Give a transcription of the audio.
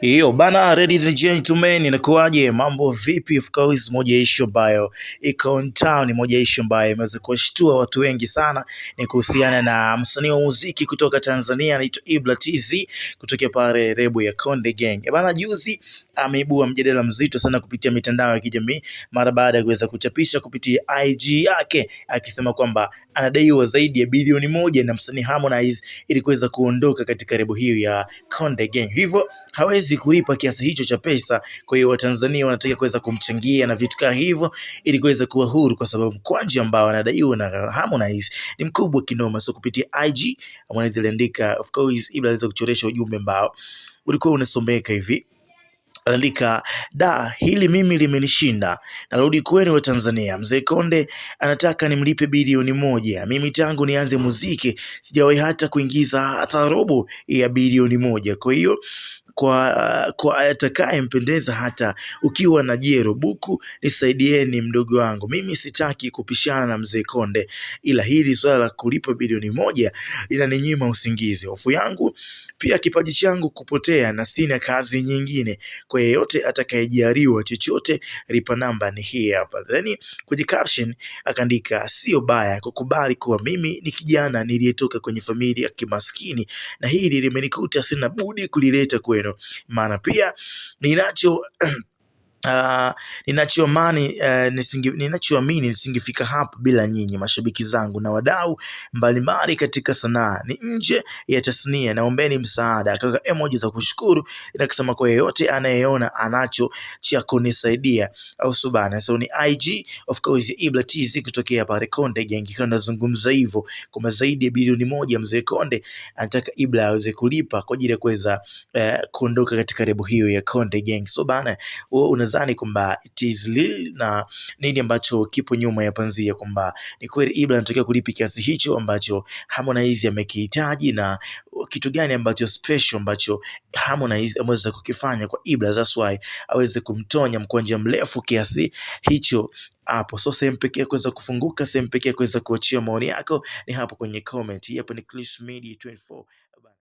Hiyo bana, ladies and gentlemen, inakuwaje? Mambo vipi? Of course, moja issue ambayo iko on town, moja issue ambayo imeweza kuwashtua watu wengi sana ni kuhusiana na msanii wa muziki kutoka Tanzania anaitwa Ibra TZ kutoka pale rebu ya Konde Gang. E bana, juzi ameibua mjadala mzito sana kupitia mitandao ya kijamii mara baada ya kuweza kuchapisha kupitia IG yake akisema kwamba anadaiwa zaidi ya bilioni moja na msanii Harmonize ili kuweza kuondoka katika rebu hiyo ya Konde Gang, hivyo hawezi hawezi kulipa kiasi hicho cha pesa. Kwa hiyo Watanzania wanataka kuweza kumchangia na vitu kama hivyo, ili kuweza kuwa huru, kwa sababu mkwanja ambao anadaiwa na Harmonize ni mkubwa kinoma. So kupitia IG Harmonize aliandika, of course, Ibra aliweza kuchoresha ujumbe ambao ulikuwa unasomeka hivi Anaandika, da, hili mimi limenishinda, narudi kwenu wa Tanzania. Mzee Konde anataka nimlipe bilioni moja. Mimi tangu nianze muziki sijawahi hata kuingiza hata robo ya bilioni moja. Kwa hiyo kwa, kwa atakayempendeza, hata ukiwa na jero buku, nisaidieni mdogo wangu. Mimi sitaki kupishana na mzee Konde, ila hili swala la kulipa bilioni moja linaninyima usingizi. Hofu yangu pia kipaji changu kupotea, na sina kazi nyingine. Kwa yeyote atakayejiariwa chochote, lipa namba ni hii hapa. Then kwenye caption akaandika, sio baya kukubali kuwa mimi ni kijana niliyetoka kwenye familia ya kimaskini na hili limenikuta, sina budi kulileta kwenu hilo, maana pia ninacho Uh, ah, ninachoamini uh, eh, nisingi, ninachoamini nisingefika hapa bila nyinyi mashabiki zangu na wadau mbalimbali katika sanaa ni nje ya tasnia. Naombeni msaada, akaweka emoji za kushukuru na kusema kwa yeyote anayeona anacho cha kunisaidia au subana. So ni IG of course Ibra TZ kutokea pale Konde Gang, kwa nazungumza hivyo kwa zaidi ya bilioni moja. Mzee Konde anataka Ibra aweze kulipa kwa ajili ya kuweza uh, kuondoka katika rebo hiyo ya Konde Gang. So bana una nadhani kwamba it is real na nini ambacho kipo nyuma ya panzia, kwamba ni kweli Ibra anatakiwa kulipi kiasi hicho ambacho Harmonize amekihitaji na kitu gani ambacho special ambacho Harmonize ameweza kukifanya kwa Ibra, that's why aweze kumtonya mkwanja mrefu kiasi hicho hapo. So sehemu pekee ya kuweza kufunguka, sehemu pekee ya kuweza kuachia maoni yako ni hapo kwenye comment. Hii hapo ni Clips Media 24.